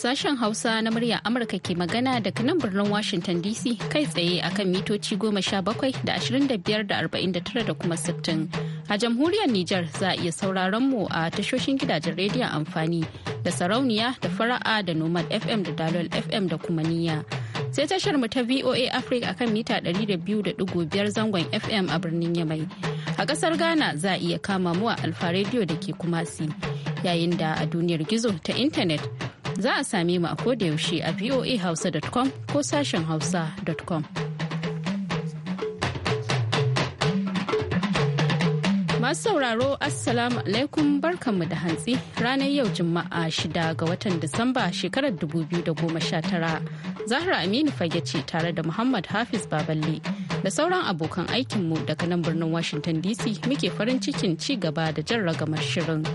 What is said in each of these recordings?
Sashen Hausa na murya Amurka ke magana daga nan birnin Washington DC kai tsaye akan mitoci goma sha bakwai da ashirin da biyar da arba'in da tara da kuma sittin. A jamhuriyar Nijar za a iya sauraron mu a tashoshin gidajen rediyon amfani da sarauniya da fara'a da nomad FM da dalol FM da kuma niyya. sai tashar mu ta VOA Africa akan mita ɗari 200.5 zangon FM a birnin Yamai. A kasar Ghana za a iya kama mu a Alfa Radio da ke Kumasi. Yayin da a duniyar gizo ta intanet za a same mu a yaushe a voahausa.com ko sashen hausa.com. Masu sauraro Assalamu alaikum barkanmu da hantsi ranar yau Juma'a shida ga watan Disamba shekarar 2019. Zahra Aminu fage ce tare da Muhammad Hafiz Baballe da sauran abokan aikinmu daga nan birnin Washington DC muke farin cikin ci gaba da jan ragamar shirin.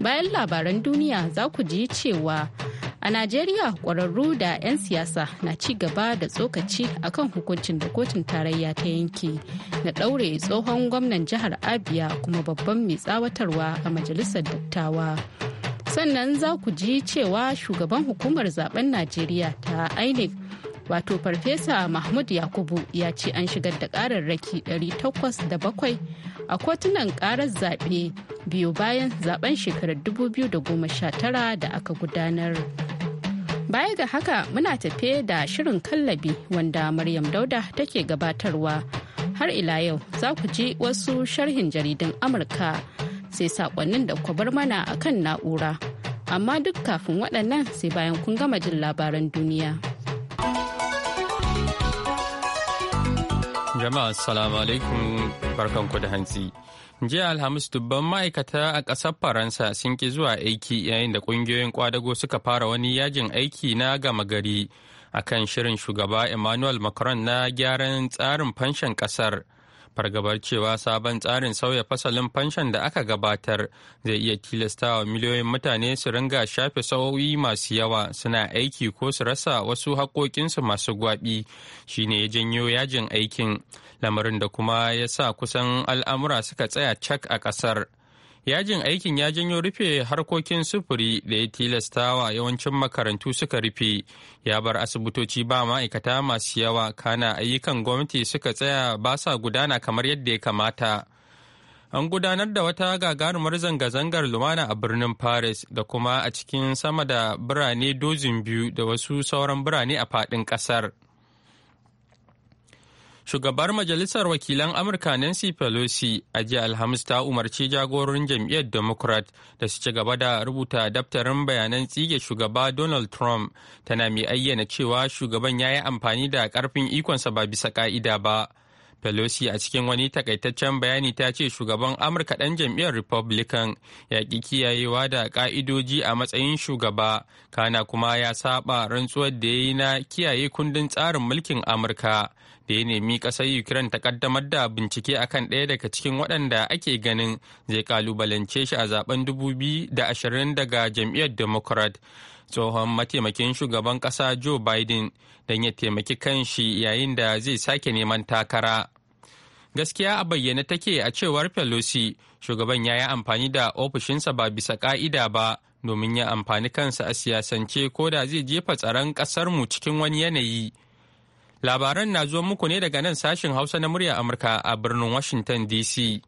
bayan labaran duniya za ku ji cewa A Najeriya ƙwararru da 'yan siyasa na ci gaba da tsokaci a kan hukuncin da kotun tarayya ta yanki na ɗaure tsohon gwamnan jihar Abia kuma babban mai tsawatarwa a majalisar dattawa. Sannan za ku ji cewa shugaban hukumar zaben Najeriya ta INEC wato farfesa mahmud yakubu ya ce an shigar da da 807 a kotunan karar zaɓe biyu bayan zaben shekarar 2019 da aka gudanar. Baya ga haka muna tafe da shirin kallabi wanda Maryam Dauda take gabatarwa. Har ila yau za ku ji wasu sharhin jaridun Amurka sai sakonnin da ku bar mana a kan na'ura. Amma duk kafin waɗannan sai bayan kun gama jin labaran duniya. Jama'a assalamu alaikum barkanku da hantsi. Jiya Alhamis dubban ma'aikata a ƙasar Faransa sun ki zuwa aiki yayin da ƙungiyoyin kwadago suka fara wani yajin aiki na gama gari a kan shirin shugaba Emmanuel Macron na gyaran tsarin fanshan ƙasar. fargabar cewa sabon tsarin sauya fasalin fanshan da aka gabatar zai iya tilasta wa miliyoyin mutane su ringa shafe sauyi masu yawa suna aiki ko su rasa wasu haƙoƙinsu masu gwaɓi shine ya janyo yajin aikin lamarin da kuma ya sa kusan al'amura suka tsaya cak a ƙasar. Yajin aikin ya janyo rufe harkokin sufuri da ya tilasta wa yawancin makarantu suka rufe, ya bar asibitoci ba ma'aikata masu yawa kana ayyukan gwamnati suka tsaya ba sa gudana kamar yadda ya kamata. An gudanar da wata gagarumar zanga-zangar lumana a birnin Paris da kuma a cikin sama da birane dozin biyu da wasu sauran birane a faɗin ƙasar. Shugabar Majalisar Wakilan Amurka Nancy Pelosi a jiya Alhamis ta umarci jagororin jam'iyyar Democrat da su ci gaba da rubuta daftarin bayanan tsige shugaba Donald Trump tana mai ayyana cewa shugaban ya yi amfani da karfin ikonsa ba bisa ka'ida ba. Pelosi a cikin wani takaitaccen bayani ta ce shugaban Amurka ɗan jam'iyyar Republican ya ƙi kiyayewa da ƙa'idoji a matsayin shugaba, kana kuma ya saba rantsuwar da ya yi na kiyaye kundin tsarin mulkin Amurka. da ya nemi ƙasar ukraine ta kaddamar da bincike akan ɗaya daga cikin waɗanda ake ganin zai kalubalance shi a zaben 2020 daga jam'iyyar democrat tsohon mataimakin shugaban ƙasa joe biden don ya taimaki kan shi yayin da zai sake neman takara gaskiya a bayyane take a cewar pelosi shugaban ya yi amfani da ofishinsa ba bisa ka'ida ba domin ya amfani kansa a siyasance ko da zai jefa tsaron ƙasarmu cikin wani yanayi Labaran na zuwa muku ne daga nan sashen Hausa na murya Amurka a birnin Washington DC.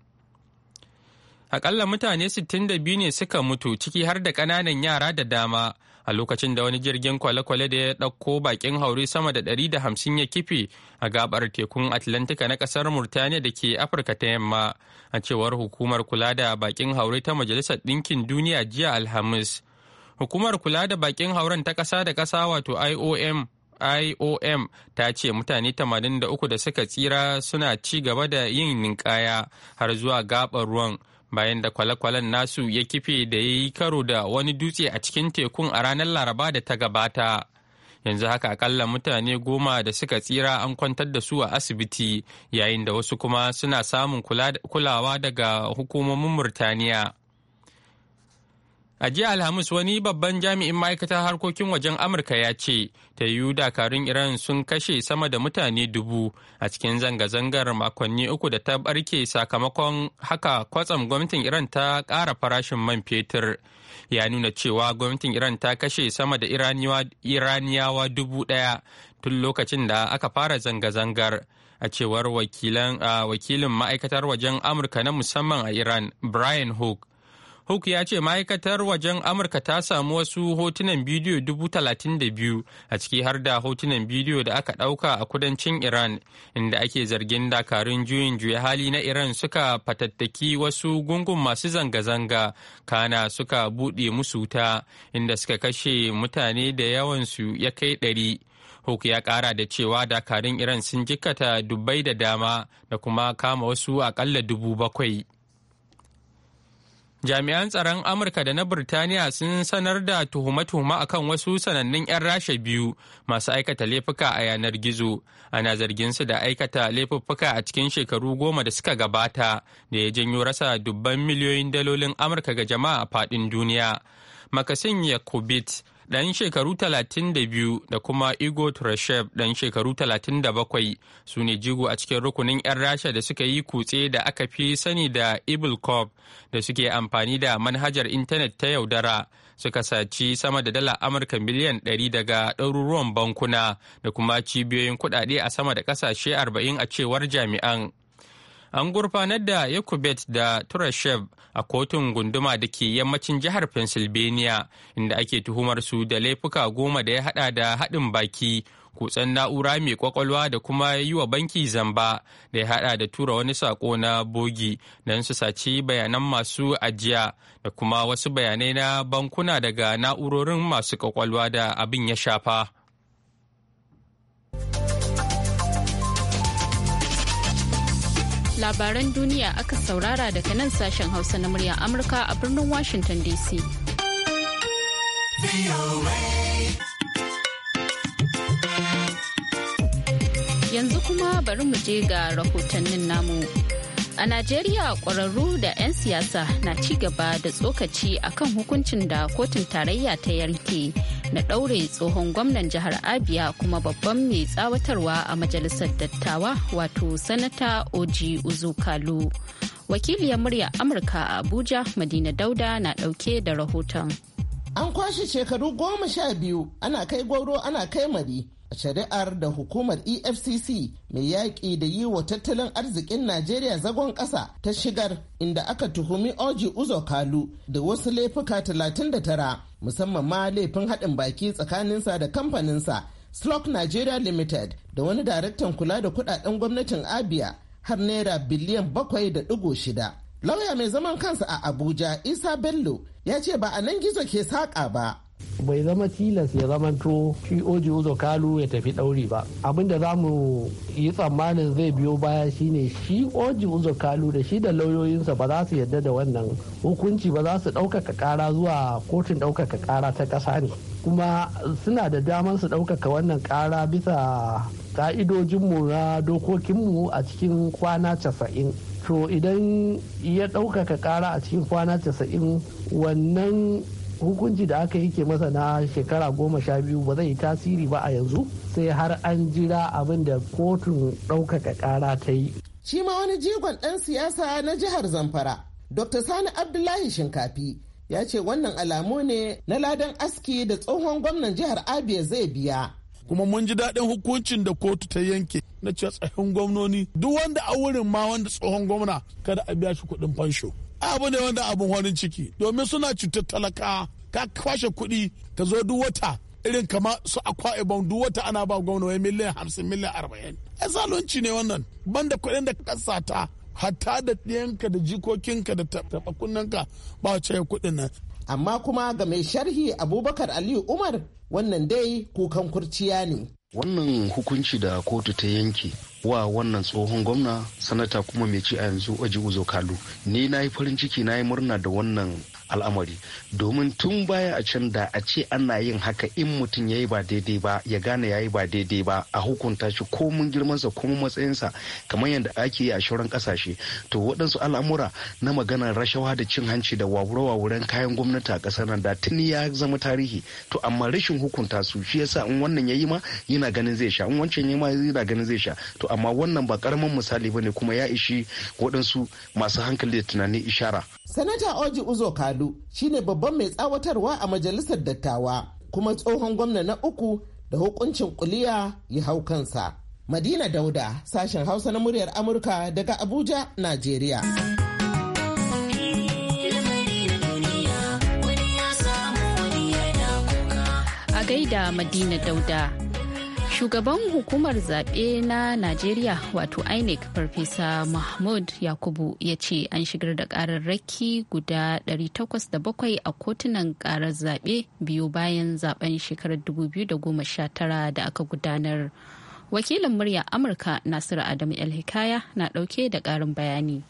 Akalla mutane 62 ne suka mutu ciki har da ƙananan yara da dama a lokacin da wani jirgin kwale-kwale da ya ɗauko bakin haure sama da 150 ya kife a gabar tekun Atlantika na ƙasar Murtaniya da ke Afirka ta yamma a cewar hukumar kula da bakin haure ta Majalisar Ɗinkin Duniya jiya Alhamis. Hukumar kula da bakin hauren ta ƙasa da ƙasa wato IOM IOM ta ce mutane 83 da suka tsira suna ci gaba da yin ninkaya har zuwa gabar ruwan bayan da kwale-kwalen nasu ya kife da ya yi karo da wani dutse a cikin tekun a ranar laraba da ta gabata. yanzu haka akalla mutane goma da suka tsira an kwantar da su a asibiti yayin da wasu kuma suna samun kulawa daga hukumomin murtaniya A jiya Alhamis wani babban jami'in ma'aikatar harkokin wajen Amurka ya ce, ta yiwu dakarun Iran sun kashe sama da mutane dubu a cikin zanga-zangar makonni uku da ta barke sakamakon haka kwatsam gwamnatin Iran ta ƙara farashin man fetur. Ya nuna cewa gwamnatin Iran ta kashe sama da Iraniyawa dubu ɗaya tun lokacin da aka fara zanga-zangar. a cewar wakilin ma'aikatar wajen amurka na musamman a iran brian hook Hook ya ce ma'aikatar wajen Amurka ta samu wasu hotunan bidiyo dubu talatin da biyu a ciki har da hotunan bidiyo da aka ɗauka a kudancin Iran inda ake zargin dakarun juyin juya hali na Iran suka fatattaki wasu gungun masu zanga-zanga kana suka buɗe musu ta inda suka kashe mutane da yawansu ya kai ɗari. Hook ya ƙara da cewa dakarun Iran sun jikkata dubbai da dama da kuma kama wasu akalla dubu bakwai. jami'an tsaron amurka da na birtaniya sun sanar da tuhume-tuhume akan wasu sanannun 'yan rasha biyu masu aikata laifuka a yanar gizo ana zargin su da aikata laifuffuka a cikin shekaru goma da suka gabata da ya janyo rasa dubban miliyoyin dalolin amurka ga jama'a a faɗin duniya makasin yakubit ɗan shekaru 32 da kuma Igor Trashev ɗan shekaru 37 su ne jigo a cikin rukunin 'yan Rasha da suka yi kutse da aka fi sani da Ibilkov da suke amfani da manhajar intanet ta yaudara. suka saci sama da dala amurka miliyan 100 daga ɗaruruwan bankuna da kuma cibiyoyin kuɗaɗe a sama da ƙasashe 40 a cewar jami'an an gurfanar da yakubet da turashev a kotun gunduma da ke yammacin jihar Pennsylvania inda ake tuhumar su da laifuka goma da ya hada da haɗin baki kutsen na'ura mai kwakwalwa da kuma yi wa banki zamba da ya hada da tura wani sako na bogi don su saci bayanan masu ajiya da kuma wasu bayanai na bankuna daga na'urorin masu kwakwalwa da abin ya shafa. labaran duniya aka saurara daga nan sashen hausa na murya amurka a birnin washington dc yanzu kuma bari mu je ga rahotannin namu A Najeriya ƙwararru da 'yan siyasa na ci gaba da tsokaci akan hukuncin da kotun tarayya ta yanke na ɗaure tsohon gwamnan jihar abia kuma babban mai tsawatarwa a majalisar dattawa wato sanata oji uzukalu wakiliyar murya amurka a abuja madina dauda na ɗauke da rahoton an kwashe shekaru goma sha biyu ana kai gwauro ana kai mari a shari'ar da hukumar efcc mai yaƙi da yi wa tattalin arzikin najeriya zagon ƙasa ta shigar inda aka tuhumi oji uzo kalu da wasu laifuka 39 musamman ma laifin haɗin baki tsakaninsa da kamfaninsa slok nigeria limited da wani daraktan kula da kudaden gwamnatin abia har naira biliyan bakwai da digo shida lauya mai zaman kansa a abuja isa bello ya ce ba a nan gizo ke saƙa ba bai zama tilas ya zama to shi oji uzo kalu ya tafi dauri ba abinda za mu yi tsammanin zai biyo baya shine shi oji uzo kalu da shi da lauyoyinsa ba za su yadda da wannan hukunci ba za su ɗaukaka ƙara zuwa kotun ɗaukaka ƙara ta ƙasa ne kuma suna da damar su ɗaukaka wannan kara bisa ƙa'idojinmu na dokokinmu a cikin kwana casa'in to idan ya ɗaukaka kara a cikin kwana casa'in wannan hukunci da aka yake masa na shekara goma sha biyu ba zai tasiri ba a yanzu sai har an jira abin da kotun ɗaukaka ƙara ta yi. shi ma wani jigon ɗan siyasa na jihar zamfara dr sani abdullahi shinkafi ya ce wannan alamu ne na ladan aski da tsohon gwamnan jihar abia zai biya kuma mun ji daɗin hukuncin da kotu ta yanke na cewa tsohon gwamnoni duk wanda a wurin ma wanda tsohon gwamna kada a biya shi kuɗin fansho abu ne wanda abin wani ciki domin suna cutar talaka ka kwashe kuɗi ka zo duk wata irin kama su akwa ibon duk ana ba gwamna wai miliyan hamsin miliyan arba'in Ya zalunci ne wannan banda kuɗin da ka ta hatta da ɗiyanka da jikokinka da taɓakunanka ba wace kuɗin nan amma kuma ga mai sharhi abubakar aliyu umar wannan dai kukan kurciya ne wannan hukunci da kotu ta yanke wa wannan tsohon gwamna sanata kuma mai ci a yanzu oji uzo kalu ni na yi farin ciki na yi murna da wannan al'amari domin tun baya a can da a ce ana yin haka in mutum ya yi ba daidai ba ya gane ya yi ba daidai ba a hukunta shi komun girmansa matsayin matsayinsa kamar yadda ake yi a shauran kasashe to waɗansu al'amura na maganar rashawa da cin hanci da wawure-wawuren kayan gwamnati a ƙasar nan da tuni ya zama tarihi to amma rashin hukunta su shi yasa in wannan ya yi ma yana ganin zai sha in wancan ya yi ma yana ganin zai sha to amma wannan ba karamin misali ne kuma ya ishi waɗansu masu hankali da tunani ishara Sanata Oji Uzo Kadu shi ne babban mai tsawatarwa a majalisar dattawa kuma tsohon gwamna na uku da hukuncin kuliya ya hau kansa. Madina Dauda, sashen Hausa na muryar Amurka daga Abuja, Najeriya. A gaida Madina Dauda. shugaban hukumar zaɓe na najeriya wato inec farfesa mahmud yakubu ya ce an shigar da ƙararraki guda 807 a kotunan ƙarar zaɓe biyu bayan zaben shekarar 2019 da aka gudanar wakilin murya amurka nasiru adamu el hikaya na ɗauke da ƙarin bayani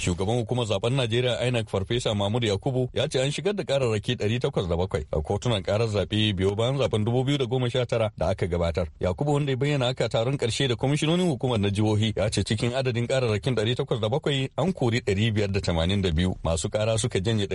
Shugaban hukumar zaben Najeriya INEC Farfesa Mahmud Yakubu ya ce an shigar da kararraki bakwai a kotunan karar zaɓe biyo bayan zaben 2019 da aka gabatar. Yakubu wanda ya bayyana aka taron ƙarshe da kwamishinonin hukumar na jihohi ya ce cikin adadin kararrakin 807 an kori 582 masu kara suka janye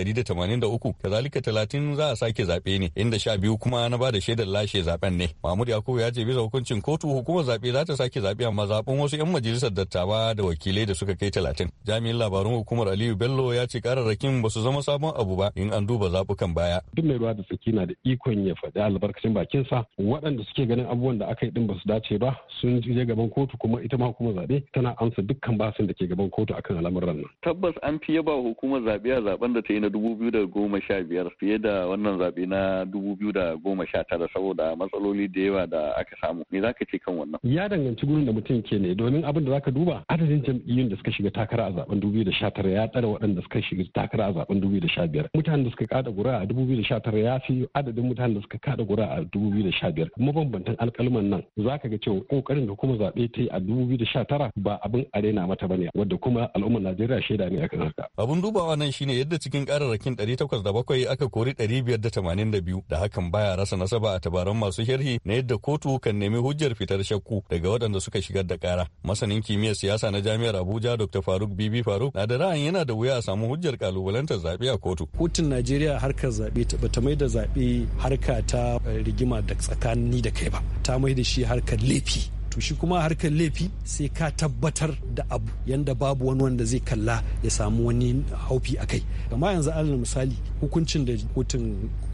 da uku kazalika talatin za a sake zaɓe ne inda sha 12 kuma na ba da shaidar lashe zaben ne. Mahmud Yakubu ya ce bisa hukuncin kotu hukumar zaɓe za ta sake zaɓe amma zaɓen wasu 'yan majalisar dattawa da wakilai da suka kai 30. Jami'in labarai labarun hukumar Aliyu Bello ya ce kararrakin ba su zama sabon abu ba in an duba zabukan baya. Duk mai ruwa da tsaki na da ikon ya faɗi albarkacin bakinsa waɗanda suke ganin abubuwan da aka yi din ba su dace ba sun je gaban kotu kuma ita ma hukumar zaɓe tana amsa dukkan basin da ke gaban kotu akan al'amuran nan. Tabbas an fiye ba hukumar zaɓe a zaben da ta yi na dubu biyu da goma sha biyar fiye da wannan zaɓe na dubu biyu da goma sha tara saboda matsaloli da yawa da aka samu. Me za ka ce kan wannan? Ya danganci gurin da mutum ke ne domin abin da za ka duba adadin jam'iyyun da suka shiga takara a zaben dubu 2019 ya tsare waɗanda suka shiga takara a zaben 2015 mutanen da suka kada gura a 2019 ya fi adadin mutanen da suka kada gura a 2015 mabambantan alkalman nan zaka ga cewa kokarin da kuma zaɓe ta yi a 2019 ba abin arena mata bane wadda kuma al'ummar Najeriya shaida ne akan haka abun dubawa nan shine yadda cikin kararrakin 807 aka kori 582 da hakan baya rasa nasaba a tabaran masu sharhi na yadda kotu kan nemi hujjar fitar shakku daga waɗanda suka shigar da kara masanin kimiyyar siyasa na jami'ar Abuja Dr Faruk Bibi Faruk Barau na da ra'ayin yana da wuya a samu hujjar kalubalantar zaɓe a kotu. Kotun Najeriya harkar zaɓe bata mai da zaɓe harka ta eh, rigima da tsakanin da kai ba ta mai da shi harkar laifi to shi kuma harkar laifi sai ka tabbatar da abu yanda babu wani wanda zai kalla ya samu wani haufi a kai kama yanzu alal misali hukuncin da kotun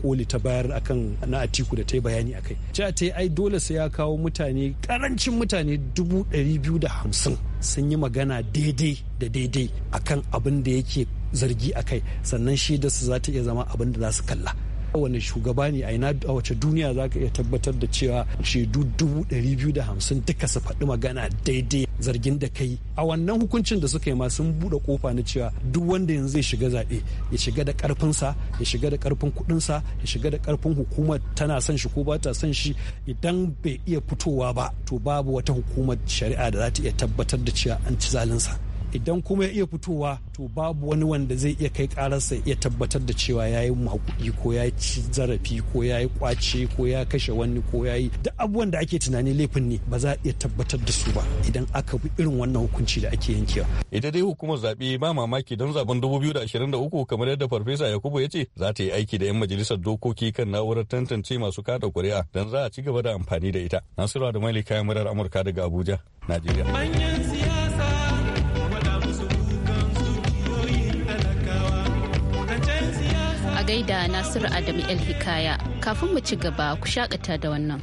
koli ta bayar akan na atiku da ta yi bayani akai cewa ta ai dole sai ya kawo mutane karancin mutane dubu ɗari biyu da hamsin sun yi magana daidai da daidai akan abin da yake zargi a kai sannan shaidar su za ta iya zama abin da za su kalla wani shugaba ne a wace duniya za ka iya tabbatar da cewa shaidu dubu ɗari biyu da hamsin duka su faɗi magana daidai zargin da kai a wannan hukuncin da suka yi ma sun buɗe kofa na cewa duk wanda yanzu zai shiga zaɓe ya shiga da ƙarfinsa ya shiga da ƙarfin kuɗinsa ya shiga da ƙarfin hukumar tana son shi ko ba ta son shi idan bai iya fitowa ba to babu wata hukumar shari'a da za ta iya tabbatar da cewa an ci zalinsa idan kuma ya iya fitowa to babu wani wanda zai iya kai kararsa ya tabbatar da cewa ya yi makuɗi ko ya ci zarafi ko ya yi kwace ko ya kashe wani ko ya yi duk abubuwan da ake tunani laifin ne ba za a iya tabbatar da su ba idan aka bi irin wannan hukunci da ake yankewa. ita dai hukumar zaɓe ba mamaki don zaben uku kamar yadda farfesa yakubu ya ce za ta yi aiki da 'yan majalisar dokoki kan na'urar tantance masu kada kuri'a don za a ci gaba da amfani da ita nasiru da mai kayan murar amurka daga abuja najeriya. manyan siyasa A gaida Nasiru Adamu El Hikaya, kafin mu ci gaba ku shakata da wannan.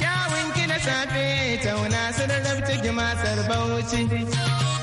Kyawun gina safe, tauna sun rabta gimasar bauchi.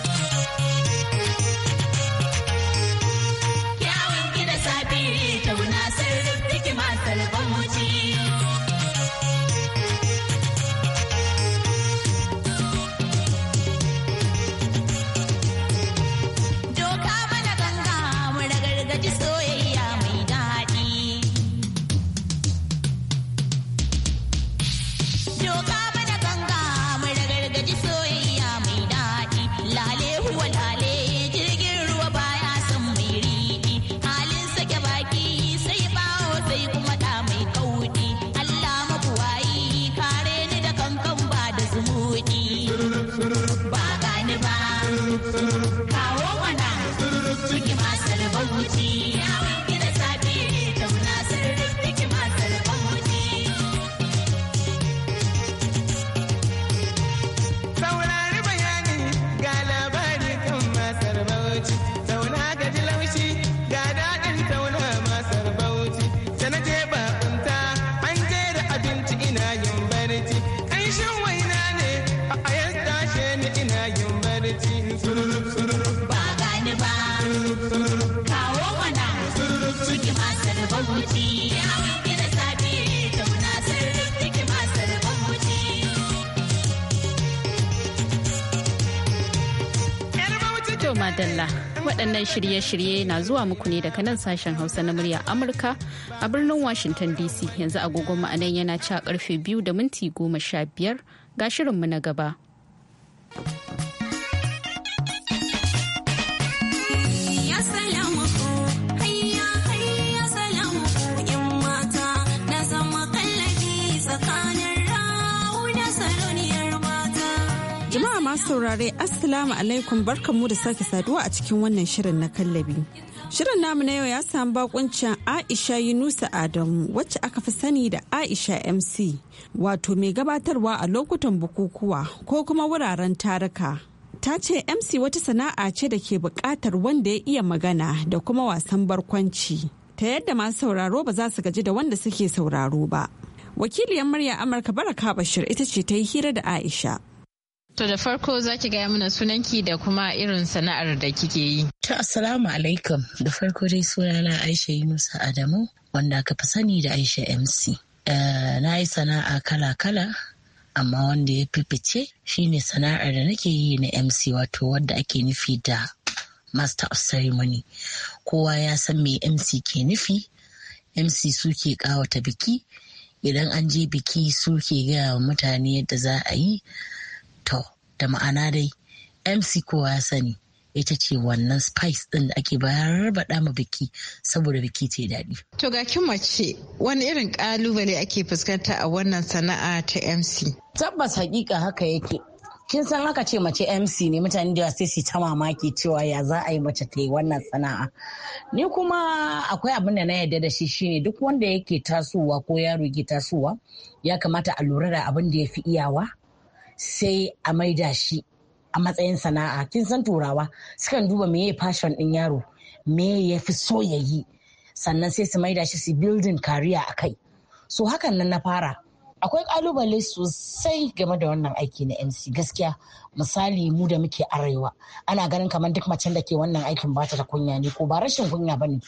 waɗannan shirye-shirye na zuwa muku ne daga nan sashen Hausa na murya Amurka a birnin Washington DC yanzu agogon ma'anan yana ca karfe biyu da minti goma sha biyar ga shirinmu na gaba. saurare Assalamu alaikum barkanmu da sake saduwa a cikin wannan shirin na kallabi. Shirin namu na yau ya samu bakuncin Aisha Yunusa Adamu wacce aka fi sani da Aisha MC wato mai gabatarwa a lokutan bukukuwa ko kuma wuraren taruka. Ta ce MC wata sana'a ce da ke bukatar wanda ya iya magana da kuma wasan barkwanci ta yadda masu sauraro ba za su gaji da wanda suke sauraro ba. Wakiliyar murya Amurka Baraka Bashir ita ce ta yi hira da Aisha. To da farko za ki gaya mana sunanki da kuma irin sana'ar da kike yi. ta asalamu alaikum da farko dai sunana Aisha Yunusa Adamu wanda aka fi sani da Aisha MC. Eh, na yi sana'a kala-kala amma wanda ya fifice shine sana'ar da nake yi na MC wato wadda ake nufi da Master of Ceremony. Kowa ya san me MC ke nufi, MC suke ƙawata biki, idan an je biki suke gaya wa mutane yadda za a yi. da ma'ana dai mc kowa ya sani ita ce wannan spice din da ake bayar baɗa ma biki saboda biki ce daɗi. To ga kin mace wani irin ƙalubale ake fuskanta a wannan sana'a ta MC? Tabbas hakika haka yake. Kin san haka ce mace MC ne mutane da sai su ta mamaki cewa ya za a yi mace ta yi wannan sana'a. Ni kuma akwai abin da na yarda da shi shine duk wanda yake tasowa ko yaro ke tasowa ya kamata a lura da abin da ya fi iyawa sai a maida shi a matsayin sana'a kin san turawa sukan duba me meye fashion din yaro me ya fi so ya yi sannan sai su maida shi su building kariya a kai so hakan nan na fara akwai kalubale sosai game da wannan aiki na mc gaskiya misali mu da muke arewa ana ganin kamar duk macen da ke wannan aikin ba ta da kunya ne ko ba rashin kunya ba ne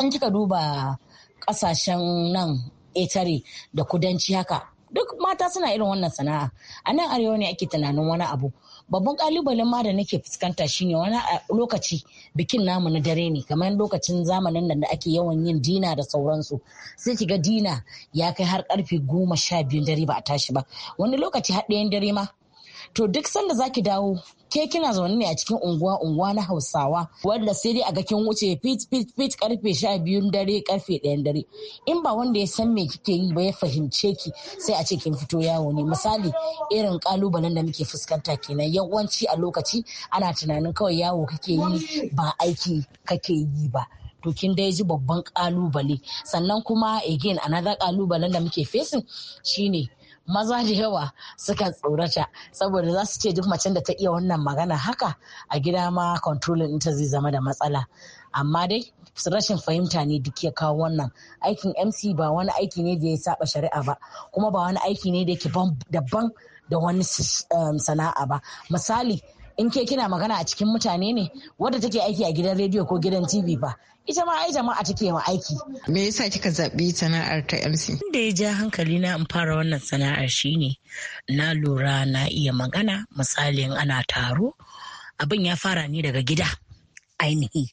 in kika duba kasashen nan etare da kudanci haka duk mata suna irin wannan sana'a a nan arewa ne ake tunanin wani abu babban kalubalen ma da nake fuskanta shine wani lokaci bikin namu na dare ne kamar lokacin zamanin nan da ake yawan yin dina da sauransu sai kiga dina ya kai har karfe goma sha biyun dare ba a tashi ba wani lokaci har dare ma to duk sanda zaki dawo ke kina zaune ne a cikin unguwa unguwa na hausawa wanda sai dai a ga kin wuce fit fit fit karfe sha biyu dare karfe ɗayan dare in ba wanda ya san me kike yi ba ya fahimce ki sai a ce kin fito yawo ne misali irin kalubalen da muke fuskanta kenan yawanci a lokaci ana tunanin kawai yawo kake yi ba aiki kake yi ba to kin dai ji babban kalubale sannan kuma again another kalubalen da muke fesin shine maza da yawa sukan tsorata saboda za su ce duk macen da ta iya wannan magana haka a gida ma controlling ta zai zama da matsala amma dai rashin fahimta ne duk ya kawo wannan aikin mc ba wani aiki ne da ya saba shari'a ba kuma ba wani aiki ne da ke daban da wani um, sana'a ba misali in ke kina magana a cikin mutane ne wadda take aiki a gidan rediyo ko gidan tv ba ita ma ai jama'a take aiki me yasa kika zabi sana'ar ta MC inda ya ja hankali na in fara wannan sana'ar shine na lura na iya magana misalin ana taro abin ya fara ne daga gida ainihi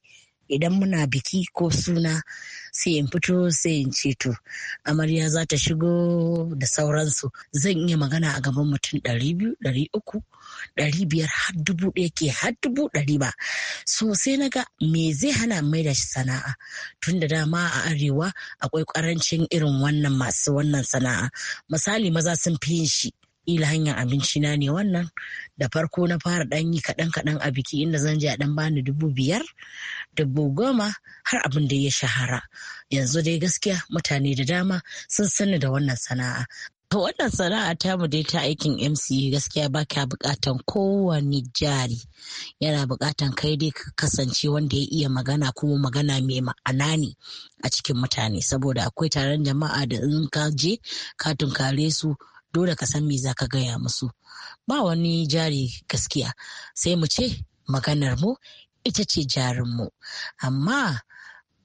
idan muna biki ko suna sai in fito sai in ceto. amarya za ta shigo da sauransu zan iya magana a gaban mutum ɗari biyu ɗari uku ɗari biyar har dubu ɗaya ke har dubu ɗari ba so sai na ga me zai hana mai da shi sana'a tun da dama a arewa akwai ƙarancin irin wannan masu wannan sana'a misali maza sun fi yin shi ila hanyar abinci na ne wannan da farko na fara ɗan yi kaɗan kaɗan a biki inda zan je a dan bani dubu biyar dubu goma har abin da ya shahara yanzu dai gaskiya mutane da dama sun sani da wannan sana'a wannan sana'a ta mu dai ta aikin mca gaskiya ba ka bukatan kowane jari yana bukatan kai dai ka kasance wanda ya iya magana kuma magana mai ma'ana ne a cikin mutane saboda akwai taron jama'a da in ka je ka tunkare su dole ka san me za ka gaya musu ba wani jari gaskiya sai mu ce maganar mu ita ce jarinmu amma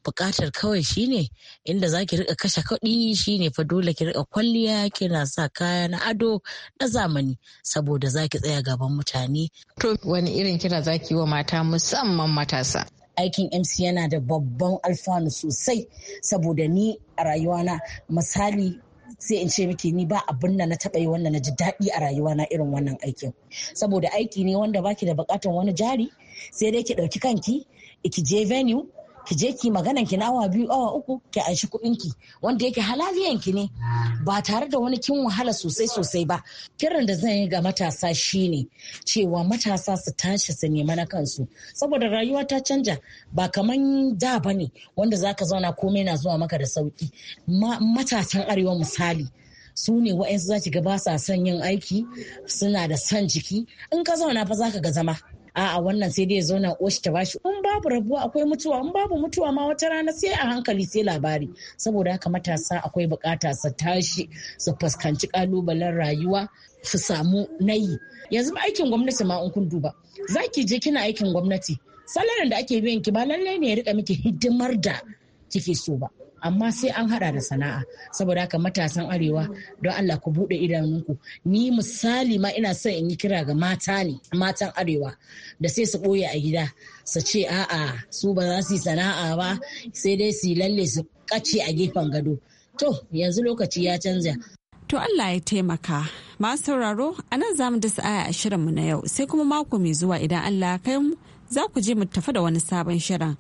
bukatar kawai shine inda za ki rika kashe kuɗi shine fa dole ki rika kwalliya kina sa kaya na ado na zamani saboda za ki tsaya gaban mutane. To wani irin kira za ki wa mata musamman matasa? Aikin MC yana da babban alfanu sosai saboda ni a rayuwana misali sai in ce miki ni ba abin da na taɓa yi wanda na ji daɗi a rayuwa na irin wannan aikin saboda aiki ne wanda baki da buƙatar wani jari sai dai ki ɗauki kanki ki je venue ki je ki maganan ki na awa biyu awa uku ki anshi kuɗin ki wanda yake halaliyan ki ne ba tare da wani kin wahala sosai sosai ba kiran da zan yi ga matasa shine cewa matasa su tashi su nema na kansu saboda rayuwa ta canja ba kaman da bane wanda zaka zauna komai na zuwa maka da sauki matasan arewa misali su ne wa'yansu za ki ga ba sa son yin aiki suna da son jiki in ka zauna fa za ka ga zama a'a wannan sai dai ya zauna oshi ta bashi in babu rabuwa akwai mutuwa in babu mutuwa ma wata rana sai a hankali sai labari saboda haka matasa akwai bukata su tashi su fuskanci kalubalen rayuwa su samu nayi yanzu ba aikin gwamnati ma in kun duba zaki je kina aikin gwamnati salarin da ake biyan ki ba lallai ne ya rika miki hidimar da kike so ba amma sai an hada da sana'a saboda haka matasan arewa don Allah ku bude idanunku ni misali ma ina son in yi kira ga mata ne matan arewa da sai su boye a gida su ce a'a su ba za su yi sana'a ba sai dai su lalle su kace a gefen gado to yanzu lokaci ya canza To Allah ya taimaka. Masu sauraro, a nan za mu dasa aya a shirinmu na yau, sai kuma mako mai zuwa idan Allah ya kai mu za ku je mu tafi da wani sabon shirin.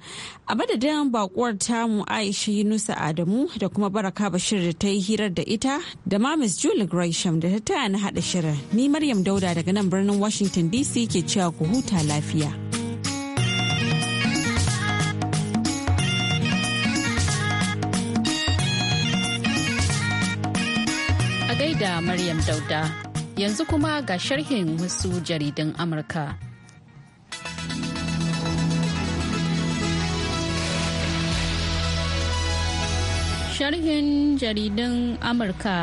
A madadin bakuwar tamu Aisha Yunusa Adamu da kuma Baraka Bashir da ta yi hirar da ita da ma Miss Julie Gresham da ta taya na haɗa shirin. Ni Maryam Dauda daga nan birnin Washington DC ke cewa ku huta lafiya. A gaida Maryam Dauda, yanzu kuma ga sharhin wasu jaridun Amurka. sharhin jaridan Amurka.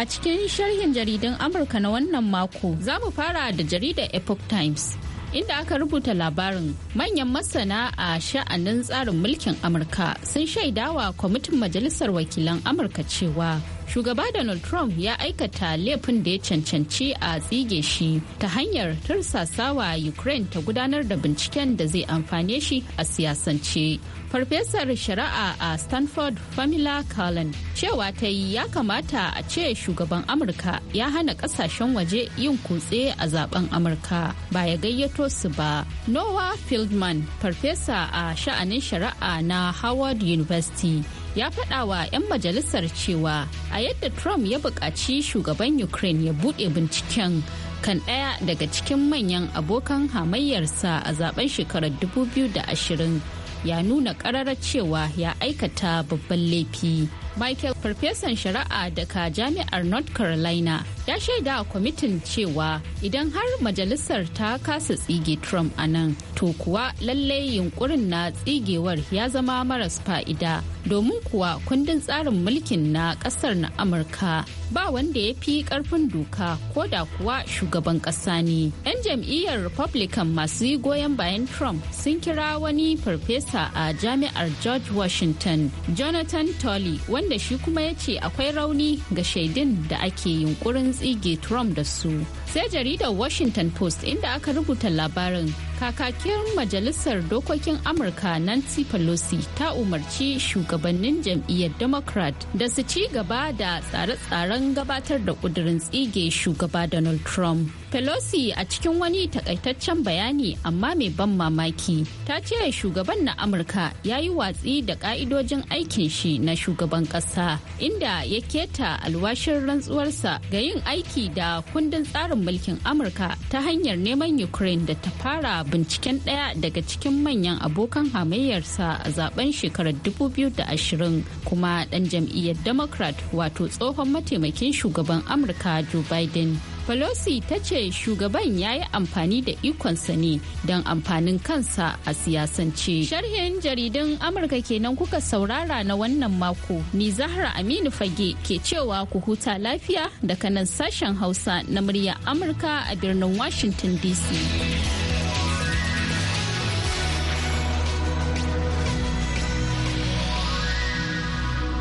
A cikin sharhin jaridan Amurka na wannan mako za mu fara da jaridar Epoch Times. Inda aka rubuta labarin manyan masana a sha'anin tsarin mulkin Amurka sun shaidawa kwamitin Majalisar Wakilan Amurka cewa shugaba Donald Trump ya aikata laifin da ya cancanci a tsige shi ta hanyar tursasawa Ukraine ta gudanar da binciken da zai amfane shi a siyasance. farfesar shari'a a stanford famila Cullen cewa ta yi ya kamata a ce shugaban amurka ya hana kasashen waje yin kutse a zaben amurka ba ya gayyato su ba noah fieldman farfesa a sha'anin shari'a na howard university ya faɗa wa 'yan majalisar cewa a yadda trump ya buƙaci shugaban ukraine ya buɗe binciken kan ɗaya daga cikin manyan abokan hamayyarsa a zaben shekarar 2020 ya nuna ƙararra cewa ya aikata babban laifi. Michael farfesan shari'a daga jami'ar North Carolina ya shaida a kwamitin cewa idan har majalisar ta kasa tsige Trump a nan, to kuwa lallai yunkurin na tsigewar ya zama maras fa'ida. Domin kuwa kundin tsarin mulkin na kasar na Amurka ba wanda ya fi karfin doka ko da kuwa shugaban kasa ne. 'Yan jam'iyyar Republican masu goyon bayan Trump sun kira wani farfesa a jami'ar George Washington, Jonathan Tolley, wani da shi kuma ya ce akwai rauni ga shaidun da ake yunkurin tsige Trump da su sai jaridar washington post inda aka rubuta labarin kakakin majalisar dokokin amurka nancy pelosi ta umarci shugabannin jam'iyyar democrat da su ci gaba da tsare-tsaren gabatar da kudirin tsige shugaba donald trump pelosi a cikin wani takaitaccen bayani amma mai ban mamaki ta ce shugaban na amurka ya yi watsi da ka'idojin aikin shi na shugaban kasa inda ya keta alwashin rantsuwarsa ga yin aiki da kundin tsarin juyin mulkin amurka ta hanyar neman ukraine da ta fara binciken ɗaya daga cikin manyan abokan hamayyarsa a zaben shekarar 2020 kuma ɗan jam'iyyar democrat wato tsohon mataimakin shugaban amurka joe biden Pelosi ta ce shugaban ya yi amfani da ikonsa ne don amfanin kansa a siyasance. Sharhin jaridun Amurka kenan kuka saurara na wannan mako. Ni Zahra Aminu Fage ke cewa ku huta lafiya daga nan sashen Hausa na murya Amurka a birnin Washington DC.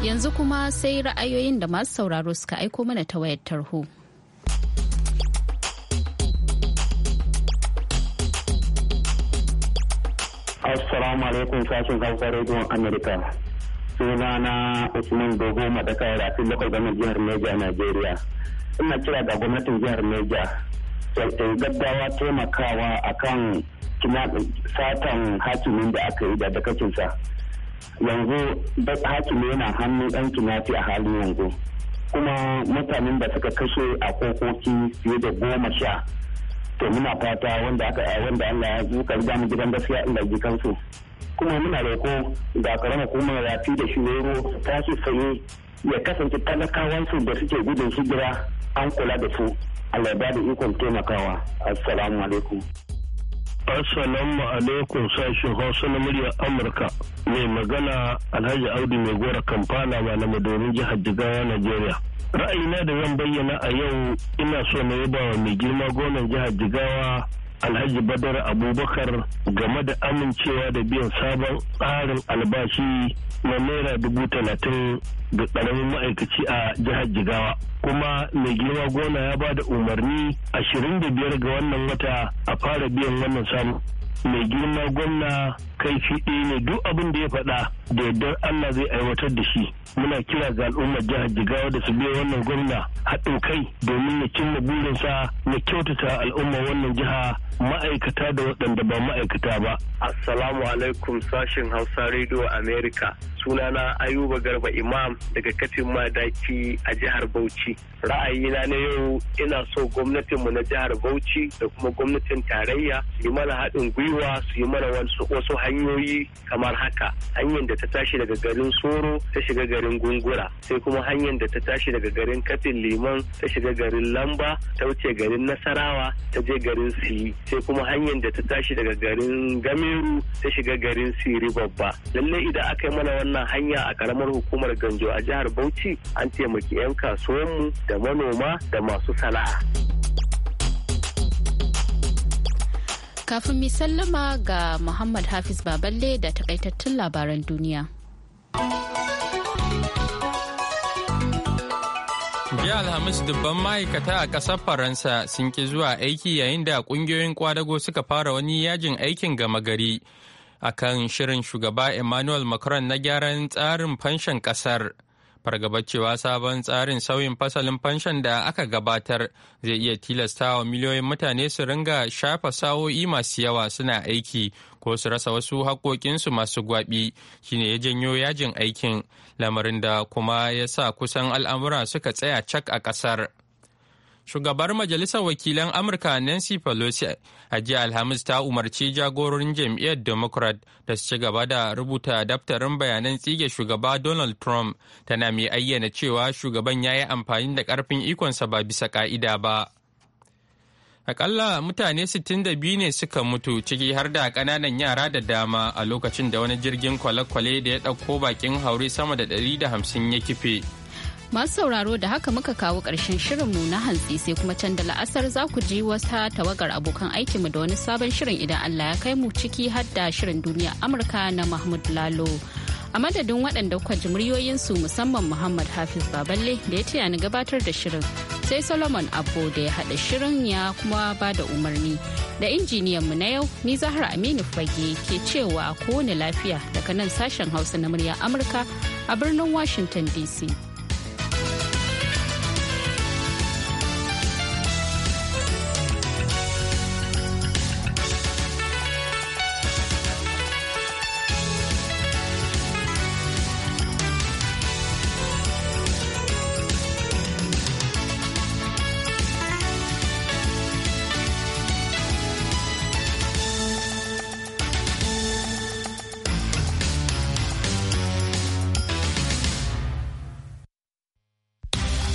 Yanzu kuma sai ra'ayoyin da masu sauraro suka aiko mana ta wayar tarho. Assalamu alaikum sashen Hausa rediyon America. Suna na Usman Dogo Madaka Rafi Lokal Gamar Jihar Neja, nigeria. Ina kira ga gwamnatin jihar Neja. gaggawa taimakawa akan satan hakimin da aka yi da dakacinsa. Yanzu hakimi yana hannun ɗan kinafi a halin yanzu. Kuma mutanen da suka kashe a kokoki fiye da goma sha to muna fata wanda aka wanda Allah ya zuka riga mu gidan gaskiya Allah ji kansu kuma muna roko da karama hukumar rafi da shi shiroro ta su sayi ya kasance talakawansu da suke gudun hijira an kula da su Allah ya da ikon taimakawa assalamu alaikum Assalamu alaikum sashen Hausa na muryar Amurka mai magana Alhaji Audu mai gora Kampala ba na madorin jihar Jigawa nigeria. ra'ayina da zan bayyana a yau ina so na yaba wa mai girma gonan jihar jigawa alhaji badar abubakar game da amincewa da biyan sabon tsarin albashi na naira dubu talatin ga ƙaramin ma'aikaci a jihar jigawa kuma mai girma gona ya ba da umarni ashirin da biyar ga wannan wata a fara biyan wannan samun mai girma gwamna kai fiɗe ne duk abin da ya faɗa da yardar Allah zai aiwatar da shi muna kira ga al'ummar jihar Jigawa da su biya wannan gwamna haɗin kai domin ya cimma burinsa na kyautata al'ummar wannan jiha ma'aikata da waɗanda ba ma'aikata ba. Assalamu alaikum sashen Hausa Radio America. Sunana Ayuba Garba Imam daga Katin Madaki a jihar Bauchi. Ra'ayina na yau ina so gwamnatinmu na jihar Bauchi da kuma gwamnatin tarayya su yi mana haɗin gwiwa su yi mana wasu hanyoyi kamar haka. Hanyar da ta tashi daga garin Soro ta shiga garin Gungura sai kuma hanyar da ta tashi daga garin kafin Liman ta shiga garin Lamba ta wuce garin Nasarawa ta je garin Siyi. sai kuma hanyar da ta tashi daga garin gameru ta shiga garin siri babba lallai idan aka yi mana wannan hanya a karamar hukumar ganjo a jihar bauchi an taimaki 'yan kasuwanmu da manoma da masu sana'a kafin mi sallama ga muhammad hafiz baballe da takaitattun labaran duniya. Jiya Alhamis dubban ma'aikata a ƙasar Faransa sun ki zuwa aiki yayin da ƙungiyoyin kwadago suka fara wani yajin aikin gama gari akan shirin shugaba Emmanuel Macron na gyaran tsarin fanshan ƙasar. fargabar cewa sabon tsarin sauyin fasalin fanshan da aka gabatar zai iya tilasta wa miliyoyin mutane su ringa shafa sa'o'i masu yawa suna aiki ko su rasa wasu haƙoƙinsu masu gwabi, shine ya janyo yajin aikin lamarin da kuma ya sa kusan al'amura suka tsaya cak a ƙasar. shugabar majalisar wakilan amurka nancy pelosi a jiya alhamis ta umarci jagororin jam'iyyar democrat da su ci gaba da rubuta daftarin bayanan tsige shugaba donald trump tana mai ayyana cewa shugaban ya yi amfani da karfin ikonsa ba bisa ka'ida ba akalla mutane 62 ne suka mutu ciki har da kananan yara da dama a lokacin da wani jirgin kwale-kwale da ya ɗauko bakin haure sama da 150 ya kife Masu sauraro da haka muka kawo ƙarshen shirinmu na hantsi sai kuma can da la'asar za ku ji wata tawagar abokan aikinmu da wani sabon shirin idan Allah ya kai mu ciki har da shirin duniya Amurka na Mahmud Lalo. A madadin waɗanda kuka ji muryoyinsu musamman Muhammad Hafiz Baballe da ya taya ni gabatar da shirin sai Solomon Abbo da ya haɗa shirin ya kuma ba da umarni. Da injiniyan mu na yau ni zahar Aminu Fage ke cewa kowane lafiya daga nan sashen Hausa na murya Amurka a birnin Washington DC.